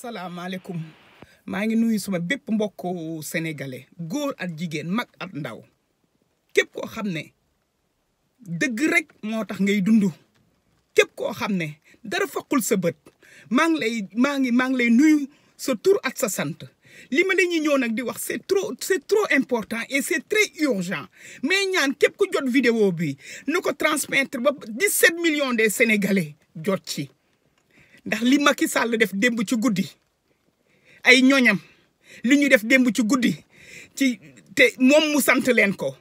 salaamaaleykum maa ngi nuyu suma bépp mbokku sénégalais góor ak jigéen mag at ndaw képp koo xam ne dëgg rek moo tax ngay dundu képp koo xam ne dara faqul sa bët maa ngi lay maa ngi maa ngi lay nuyu sa tur ak sa sant li ma dañuy ñëw nag di wax c'est trop c'est trop important et c'est très urgent mais ñaan képp ku jot vidéo bi nu ko transmettre ba 17 millions des sénégalais jot ci ndax li ki Sall def démb ci guddi ay ñoñam li ñuy def démb ci guddi ci te moom mu sant leen ko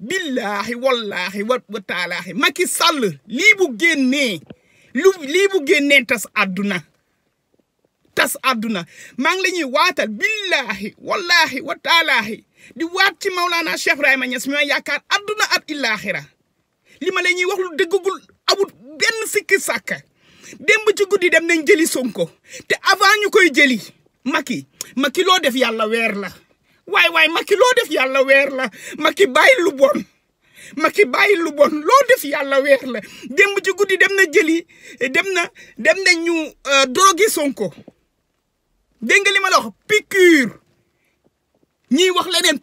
billaahi wallaahi wa taalaahi Macky Sall lii génnee lu lii bu génnee tas àdduna tas àdduna maa ngi la ñuy waatal billaahi wallaahi wa taalaahi di waat ci Maulana Cheikh Ibrahima Niass mi ma yaakaar àdduna ak illaaxira li ma la ñuy wax lu dëggagul amut benn sikki sàkka démb ci guddi dem nañ jëli Sonko te avant ñu koy jëli Macky Macky loo def yàlla weer la waay waay Macky loo def yàlla weer na makki bàyyi lu bon Macky bàyyi lu bon loo def yàlla weer na démb ci guddi dem na jëli dem na dem na ñu euh, drogué Sonko dégg nga li ma la wax piqûre ñiy wax leneen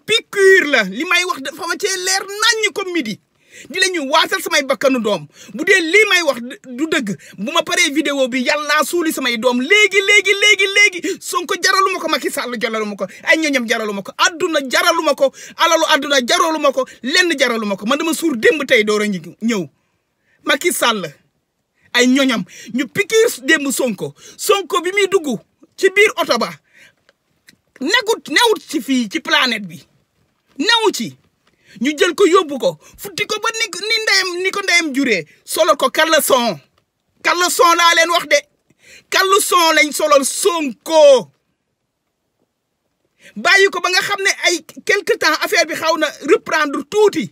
la li may wax dafa ma cee leer naññ comme midi. di la ñu waasal samay bakkanu doom bu dee lii may wax du dëgg bu ma paree vidéo bi yàllaa suuli samay doom léegi léegi léegi léegi Sonko jaralu ma ko Macky Sall jaralu ma ko ay ñoñam jaralu ma ko adduna jaralu ma ko alalu adduna jaralu ma ko lenn jaralu ma ko ma dama suur démb tey door a ñëw Macky Sall ay ñoñam ñu pikiir démb Sonko Sonko bi muy dugg ci biir oto ba negut newut ci fii ci planète bi newu ci ñu jël ko yóbbu ko futti ko ba ni ni ndeyam ni ko ndeyam juree solol ko caleçon caleçon laa leen wax de caleçon lañ solol Sonko bàyyi ko ba nga xam ne ay quelque temps affaire bi xaw na reprendre tuuti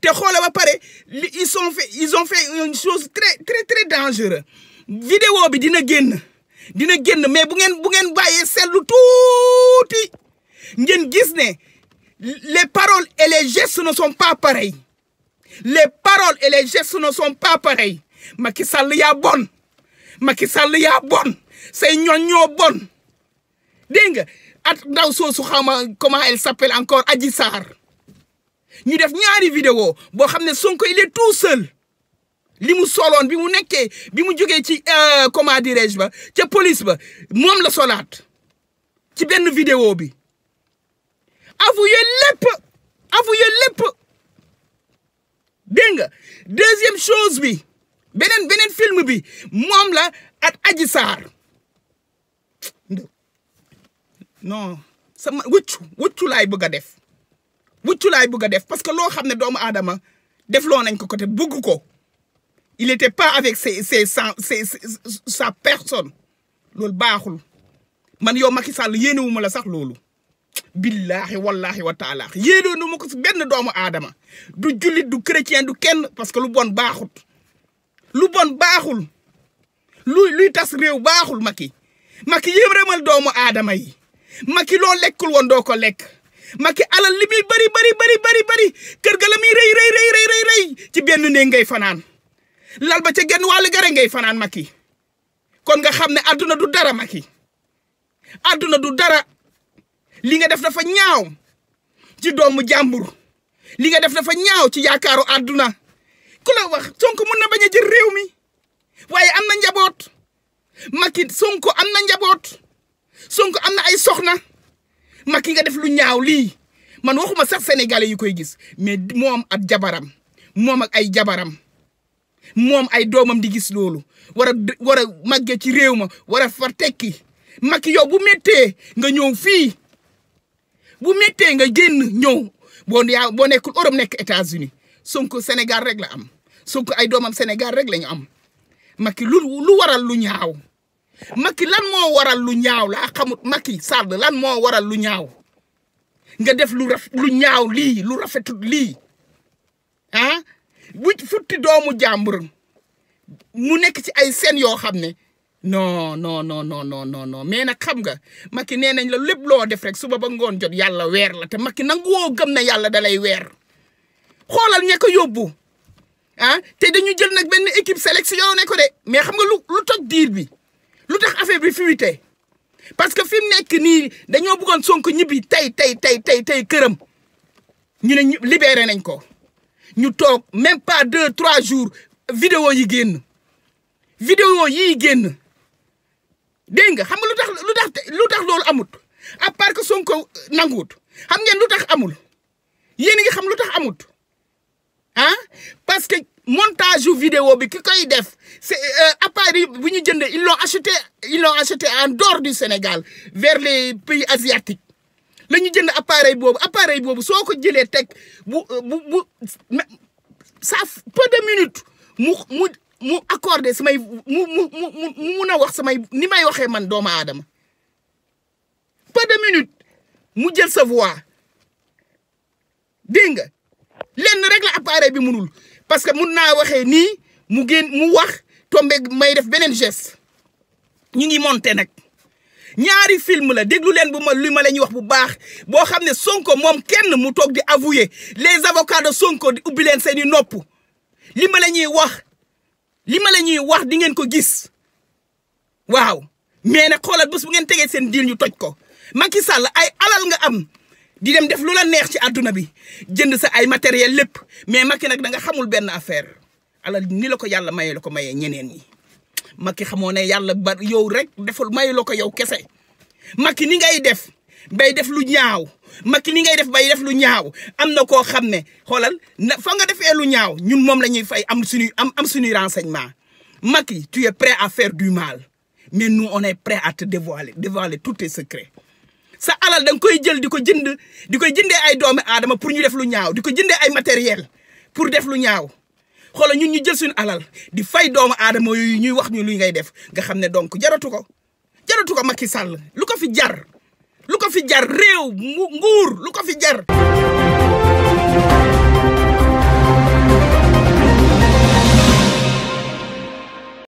te xoole ba pare ils sont fait ils ont fait une chose très très très dangereuse vidéo bi dina génn dina génn mais bu ngeen bu ngeen bàyyee seetlu tuuti ngeen gis ne les paroles et les gestes ne sont pas pareils les paroles et les gestes ne sont pas pareils Macky Sall yaa bon Macky Sall yaa bon say ñoñ bon dégg nga at ndaw soosu xawma comment elle s'appelle encore Adji Sarr ñu def ñaari vidéo boo xam ne Sonko il est tout li mu soloon bi mu nekkee bi mu jógee ci euh, comment dirais-je ba ca police ba moom la solaat ci benn vidéo bi avoué lépp avoué lépp dégg nga deuxième bi beneen beneen film bi moom la ak aji Sarr non sama wëccu wëccu laay bëgg a def wëccu laay bëgg a def parce que loo xam ne doomu aadama def loo nañ ko côté bëgg ko il était pas avec ses ses sa sa personne loolu baaxul man yow Macky Sall yéenewuma la sax loolu billaahi wallaahi wa taala yéedoonu ma ko si benn doomu aadama du jullit du chrétien du kenn parce que lu bon baaxut lu bon baaxul luy luy tas réew baaxul Macky Macky yërëmal doomu aadama yi Macky loo lekkul woon doo ko lekk Macky alal li muy bari bari bari kër ga la muy rëy rëy ci benn néeg ngay fanaan lal ba ca genn wàllu gare ngay fanaan Macky kon nga xam ne àdduna du dara Macky àdduna du dara li nga def dafa ñaaw ci doomu jàmbur li nga def dafa ñaaw ci yaakaaru àdduna ku la wax Sonko mun na bañ a jël réew mi waaye am na njaboot Macky Sonko am na njaboot Sonko am na ay soxna Macky nga def lu ñaaw lii man waxuma sax sénégalais yu koy gis mais moom ak jabaram moom ak ay jabaram moom ay doomam di gis loolu war a ci réew ma war a tekki Macky yow bu méttee nga ñëw fii bu méttee nga génn ñëw boo yaa boo nekkul Europe nekk états uni Sonko Sénégal rek la am Sonko ay doomam Sénégal rek la ñu am Macky lu lu waral lu ñaaw Macky lan moo waral lu ñaaw laa xamut Macky Sall lan moo waral lu ñaaw nga def lu raf lu ñaaw lii lu rafet lii ah bu futti doomu jàmbur mu nekk ci ay seen yoo xam ne non no non non non non non mais nag xam nga Macky nee nañ la lépp loo def rek suba ba ngoon jot yàlla weer la te Macky nanguwoo gëm na yàlla dalay weer xoolal ña yóbbu ah te dañu jël nag benn équipe sélection ne ko de mais xam nga lu lu toj diir bi lu tax affaire bi fuité parce que fi mu nekk nii dañoo bëggoon Sonko ñibbi tey tey tey tey tey këram ñu ne ñu libéré nañ ko ñu toog même pas deux trois jours vidéo yi génn vidéo yi génn dégg nga xam nga lu tax lu tax lu tax loolu amut à part que Sonko nanguwut xam ngeen lu tax amul yéen a ngi xam lu tax amut ah parce que montage yu video bi ki koy def c'est appareil euh, bu ñu jëndee ils l'ont acheté ils l'ont en dehors du Sénégal vers les pays asiatiques la ñu jënd appareil boobu appareil boobu soo ko jëlee teg bu euh, bu bu ça peu de minutes mu mu mu accordé samay mu mu mu mu mun a wax samay ni may waxee man doomu aadama peu de minutes mu jël sa voix dégg nga lenn rek la appareil bi munul parce que mun naa waxee nii mu génn mu wax tombe may def beneen geste ñu ngi monte nag ñaari film la déglu leen bu ma lima ma leen wax bu baax boo xam ne Sonko moom kenn mu toog di avouer les avocats de Sonko di ubbileen seeni nopp li ma la ñuy wax. li ma la ñuy wax di ngeen ko gis waaw mais nag xoolal bés bu ngeen tegee seen diir ñu toj ko Macky sàll ay alal nga am di dem def lu la neex ci àdduna bi jënd sa ay matériel lépp mais Macky nag da nga xamul benn affaire alal ni la ko yàlla mayee la ko mayee ñeneen ñi Macky xamoo ne yàlla ba yow rek deful mayu la ko yow kese Macky ni ngay def bay def lu ñaaw Macky li ngay def bay def lu ñaaw am na koo xam ne xoolal na fa nga defee lu ñaaw ñun moom la ñuy fay am suñuy am am suñuy renseignement Macky tu es prêt à faire du mal mais nous on est prêt à te dévoiler dévoiler tous tes secrets sa alal da koy jël di ko jënd di koy jëndee ay doomi aadama pour ñu def lu ñaaw di ko jëndee ay matériel pour def lu ñaaw xoolal ñun ñu jël suñu alal di fay doomu aadama yooyu ñuy wax ñu luy ngay def nga xam ne donc jaratu ko jaratu ko Macky Sall lu ko fi jar ko fi jar réew nguur lu ko fi jar